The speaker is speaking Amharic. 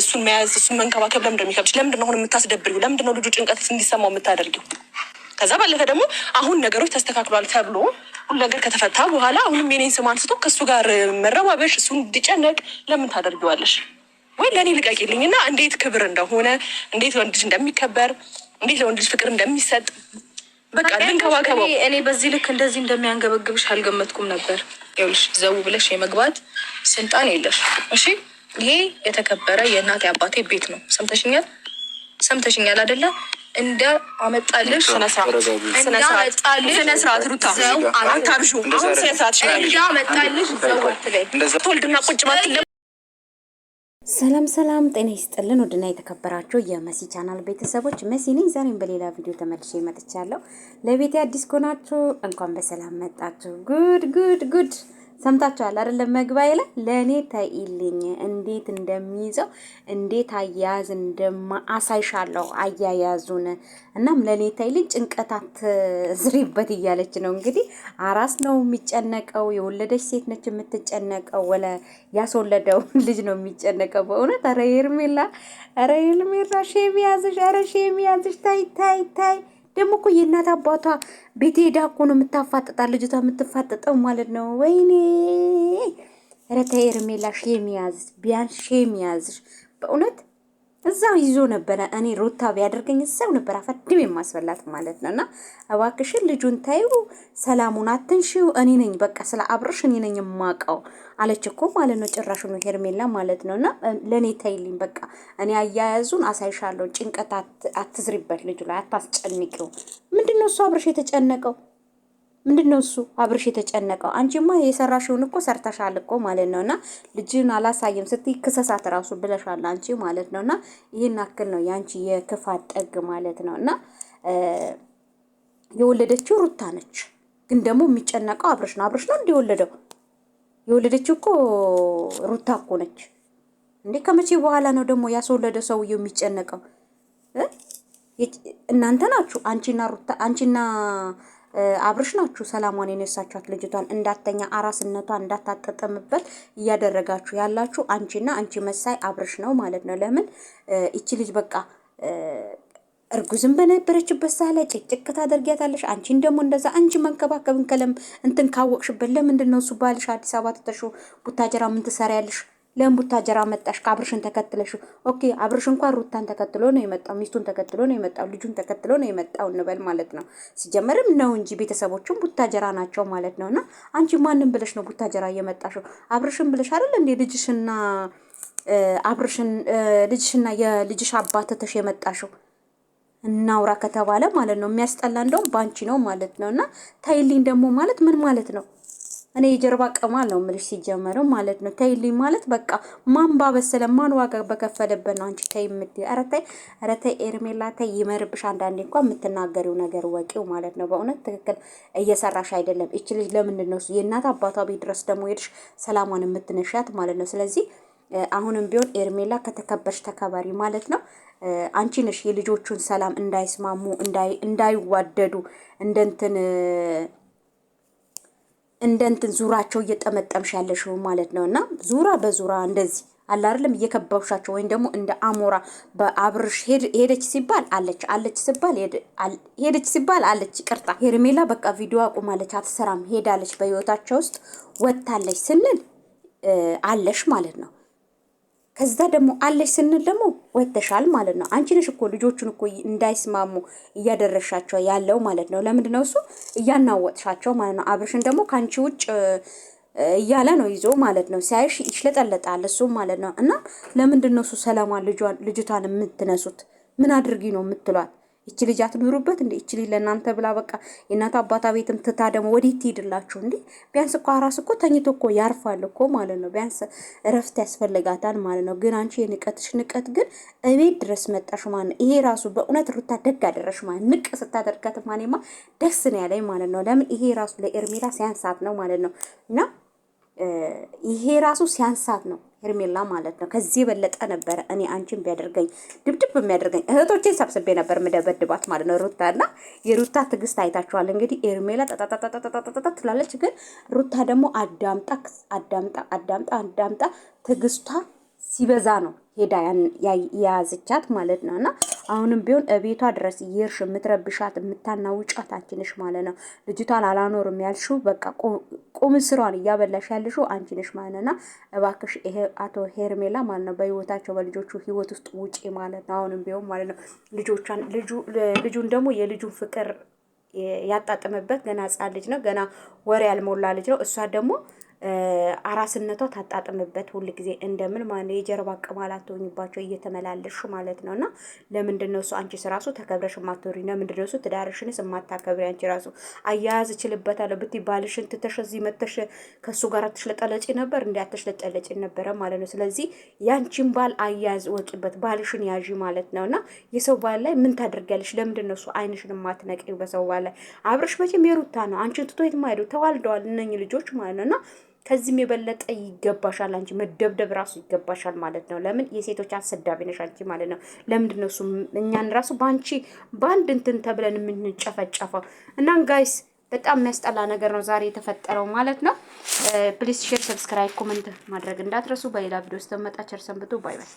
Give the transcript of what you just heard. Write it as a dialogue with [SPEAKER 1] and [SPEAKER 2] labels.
[SPEAKER 1] እሱን መያዝ እሱን መንከባከብ ለምንድ ነው ለምንድ ለምንድን ነው አሁን የምታስደብሪው? ለምንድን ነው ልጁ ጭንቀት እንዲሰማው የምታደርጊው? ከዛ ባለፈ ደግሞ አሁን ነገሮች ተስተካክሏል ተብሎ ሁሉ ነገር ከተፈታ በኋላ አሁንም የኔን ስም አንስቶ ከእሱ ጋር መረባበሽ እሱን እንዲጨነቅ ለምን ታደርጊዋለሽ? ወይ ለእኔ ልቀቂልኝ እና እንዴት ክብር እንደሆነ እንዴት ወንድ ልጅ እንደሚከበር እንዴት ለወንድ ልጅ ፍቅር እንደሚሰጥ በቃ ልንከባከበው።
[SPEAKER 2] እኔ በዚህ ልክ እንደዚህ እንደሚያንገበግብሽ አልገመትኩም ነበር። ይኸውልሽ ዘው ብለሽ የመግባት ስልጣን የለሽ እሺ ይሄ የተከበረ የእናቴ አባቴ ቤት ነው። ሰምተሽኛል፣ ሰምተሽኛል አደለ? እንደ አመጣልሽ
[SPEAKER 1] ስነ ስርዓት ሩታ አታብሹ። አሁን ስነ እንደ አመጣልሽ ዘወት ላይ ተወልድና ቁጭ ማለት
[SPEAKER 3] ሰላም ሰላም፣ ጤና ይስጥልን። ውድና የተከበራችሁ የመሲ ቻናል ቤተሰቦች መሲ ነኝ። ዛሬም በሌላ ቪዲዮ ተመልሼ መጥቻለሁ። ለቤቴ አዲስ ከሆናችሁ እንኳን በሰላም መጣችሁ። ጉድ ጉድ ጉድ ሰምታችኋል አይደለም? መግባዬ ላይ ለእኔ ተይልኝ እንዴት እንደሚይዘው እንዴት አያያዝ እንደማ አሳይሻለሁ አያያዙን። እናም ለእኔ ተይልኝ ጭንቀታት ዝሪበት እያለች ነው እንግዲህ። አራስ ነው የሚጨነቀው፣ የወለደች ሴት ነች የምትጨነቀው፣ ወለ ያስወለደው ልጅ ነው የሚጨነቀው። በእውነት ኧረ ሄርሜላ ኧረ ሄርሜላ ሼም ያዝሽ፣ ኧረ ሼም ያዝሽ። ታይ ታይ ታይ ደግሞ እኮ የእናት አባቷ ቤት ሄዳ እኮ ነው የምታፋጥጣ ልጅቷ የምትፋጠጠው ማለት ነው። ወይኔ ረተ ሄርሜላ ሼም ያዝሽ፣ ቢያንስ ሼም ያዝሽ በእውነት እዛው ይዞ ነበረ። እኔ ሩታ ቢያደርገኝ እዛው ነበር አፈድም የማስበላት ማለት ነው። እና እባክሽን ልጁን ታዩ፣ ሰላሙን አትንሽው። እኔ ነኝ በቃ ስለ አብርሽ እኔ ነኝ የማውቀው አለች እኮ ማለት ነው። ጭራሽ ነው ሄርሜላ ማለት ነው። እና ለእኔ ተይልኝ በቃ እኔ አያያዙን አሳይሻለሁ። ጭንቀት አትዝሪበት ልጁ ላይ አታስጨንቂው። ምንድን ነው እሱ አብርሽ የተጨነቀው? ምንድን ነው እሱ አብርሽ የተጨነቀው? አንቺማ የሰራሽውን እኮ ሰርተሻል እኮ ማለት ነው። እና ልጅን አላሳየም ስትይ ክሰሳት ራሱ ብለሻል አንቺ ማለት ነው። እና ይህን አክል ነው የአንቺ የክፋት ጠግ ማለት ነው። እና የወለደችው ሩታ ነች፣ ግን ደግሞ የሚጨነቀው አብርሽ ነው። አብርሽ ነው እንደ የወለደው የወለደችው እኮ ሩታ እኮ ነች እንዴ! ከመቼ በኋላ ነው ደግሞ ያስወለደ ሰውዬው የሚጨነቀው? እናንተ ናችሁ አንቺና ሩታ አንቺና አብርሽ ናችሁ ሰላሟን የነሳችኋት ልጅቷን እንዳተኛ አራስነቷ እንዳታጠጠምበት እያደረጋችሁ ያላችሁ አንቺና አንቺ መሳይ አብርሽ ነው ማለት ነው። ለምን ይቺ ልጅ በቃ እርጉዝም በነበረችበት ሳለ ጭቅጭቅ ታደርጊያታለሽ። አንቺን ደግሞ እንደዛ አንቺ መንከባከብን ከለም እንትን ካወቅሽበት ለምንድን ነው እሱ ባልሽ አዲስ አበባ ትተሽው ቡታጀራ ምን ትሰሪያለሽ? ቡታጀራ መጣሽ ከአብርሽን ተከትለሽ። ኦኬ አብርሽ እንኳን ሩታን ተከትሎ ነው የመጣው፣ ሚስቱን ተከትሎ ነው የመጣው፣ ልጁን ተከትሎ ነው የመጣው እንበል ማለት ነው። ሲጀመርም ነው እንጂ ቤተሰቦቹም ቡታጀራ ናቸው ማለት ነው። እና አንቺ ማንም ብለሽ ነው ቡታጀራ እየመጣሽው? አብርሽን ብለሽ አይደል እንዴ ልጅሽና አብርሽን ልጅሽና የልጅሽ አባትተሽ የመጣሽው? እናውራ ከተባለ ማለት ነው የሚያስጠላ እንደውም ባንቺ ነው ማለት ነው። እና ታይልኝ ደግሞ ማለት ምን ማለት ነው? እኔ የጀርባ ቅማል ነው ምልሽ ሲጀመረው ማለት ነው። ተይልኝ ማለት በቃ ማን ባበሰለ ማን ዋጋ በከፈለበት ነው አንቺ ተይ ምድ ኧረ ተይ ኤርሜላ ተይ ይመርብሽ። አንዳንዴ እንኳ የምትናገሪው ነገር ወቂው ማለት ነው። በእውነት ትክክል እየሰራሽ አይደለም። እች ልጅ ለምንድን ነው የእናት አባቷ ቤት ድረስ ደግሞ ሄድሽ ሰላሟን የምትነሻት ማለት ነው። ስለዚህ አሁንም ቢሆን ኤርሜላ ከተከበሽ ተከባሪ ማለት ነው። አንቺ ነሽ የልጆቹን ሰላም እንዳይስማሙ እንዳይዋደዱ እንደንትን እንደ እንትን ዙራቸው እየጠመጠምሽ ያለሽው ማለት ነው። እና ዙራ በዙራ እንደዚህ አለ አይደለም እየከበብሻቸው ወይም ደግሞ እንደ አሞራ በአብርሽ ሄደች ሲባል አለች አለች ሲባል ሄደች ሲባል አለች። ይቅርታ ሄርሜላ በቃ ቪዲዮ አቁማለች፣ አትሰራም፣ ሄዳለች፣ በህይወታቸው ውስጥ ወጥታለች ስንል አለሽ ማለት ነው። ከዛ ደግሞ አለሽ ስንል ደግሞ ወተሻል ማለት ነው። አንቺ ነሽ እኮ ልጆቹን እኮ እንዳይስማሙ እያደረሻቸው ያለው ማለት ነው። ለምንድን ነው እሱ እያናወጥሻቸው ማለት ነው። አብርሽን ደግሞ ከአንቺ ውጭ እያለ ነው ይዞ ማለት ነው። ሲያይሽ ይሽለጠለጣል እሱ ማለት ነው። እና ለምንድን ነው እሱ ሰላሟን ልጅቷን የምትነሱት? ምን አድርጊ ነው የምትሏት? ይች ልጅ አትኑሩበት እንዴ? ይቺ ልጅ ለእናንተ ብላ በቃ የእናት አባታ ቤትም ትታ ደግሞ ወዴት ትሄድላችሁ እንዴ? ቢያንስ እኮ አራስ እኮ ተኝቶ እኮ ያርፋል እኮ ማለት ነው። ቢያንስ እረፍት ያስፈልጋታል ማለት ነው። ግን አንቺ የንቀትሽ ንቀት ግን እቤት ድረስ መጣሽ ማለት ነው። ይሄ ራሱ በእውነት ሩታ ደግ አደረሽ ማለት ንቅ ስታደርጋት ማኔማ ደስ ነው ያለኝ ማለት ነው። ለምን ይሄ ራሱ ለኤርሜላ ሲያንሳት ነው ማለት ነው። እና ይሄ ራሱ ሲያንሳት ነው ሄርሜላ ማለት ነው። ከዚህ የበለጠ ነበረ እኔ አንቺን ቢያደርገኝ ድብድብ የሚያደርገኝ እህቶቼን ሰብስቤ ነበር ምደበድባት ማለት ነው። ሩታ እና የሩታ ትዕግስት አይታችኋል እንግዲህ። ሄርሜላ ጠጣጣጣጣጣጣ ትላለች፣ ግን ሩታ ደግሞ አዳምጣ አዳምጣ አዳምጣ አዳምጣ ትዕግስቷ ሲበዛ ነው ሄዳ የያዘቻት ማለት ነው። እና አሁንም ቢሆን እቤቷ ድረስ እየሄድሽ የምትረብሻት የምታናውጫት አንቺንሽ ማለት ነው። ልጅቷን አላኖርም ያልሽው በቃ ቁም ስሯን እያበላሽ ያልሽው አንቺንሽ ማለት ነው። እና እባክሽ ይሄ አቶ ሄርሜላ ማለት ነው በህይወታቸው በልጆቹ ህይወት ውስጥ ውጪ ማለት ነው። አሁንም ቢሆን ማለት ነው ልጆቿን ልጁን ደግሞ የልጁን ፍቅር ያጣጥምበት ገና ህጻን ልጅ ነው። ገና ወር ያልሞላ ልጅ ነው። እሷ ደግሞ አራስነቷ ታጣጥምበት ሁል ጊዜ እንደምን ማለት የጀርባ ቅማል አትሆኝባቸው እየተመላለሽ ማለት ነው። እና ለምንድን ነው እሱ አንቺስ ራሱ ተከብረሽ ማትኖሪ? ለምንድን ነው እሱ ትዳርሽንስ የማታከብሪ? አንቺ ራሱ አያያዝ እችልበታለሁ ብትይ ባልሽን ትተሽ እዚህ መተሽ ከእሱ ጋር ትሽለጠለጭ ነበር እንዲ ትሽለጠለጭ ነበረ ማለት ነው። ስለዚህ ያንቺን ባል አያያዝ ወቂበት፣ ባልሽን ያዥ ማለት ነው። እና የሰው ባል ላይ ምን ታደርጊያለሽ? ለምንድን ነው እሱ አይንሽን የማትነቂው በሰው ባል ላይ? አብረሽ መቼም የሩታ ነው። አንቺን ትቶ የትም አይሄዱ ተዋልደዋል እነኝህ ልጆች ማለት ነው እና ከዚህም የበለጠ ይገባሻል። አንቺ መደብደብ ራሱ ይገባሻል ማለት ነው። ለምን የሴቶች አሰዳቢ ነሽ አንቺ ማለት ነው። ለምንድን ነው እሱ እኛን ራሱ በአንቺ በአንድ እንትን ተብለን የምንጨፈጨፈው? እናም ጋይስ በጣም የሚያስጠላ ነገር ነው ዛሬ የተፈጠረው ማለት ነው። ፕሊስ ሼር፣ ሰብስክራይብ፣ ኮመንት ማድረግ እንዳትረሱ። በሌላ ቪዲዮ ስተመጣ ቸር ሰንብቱ። ባይ ባይ።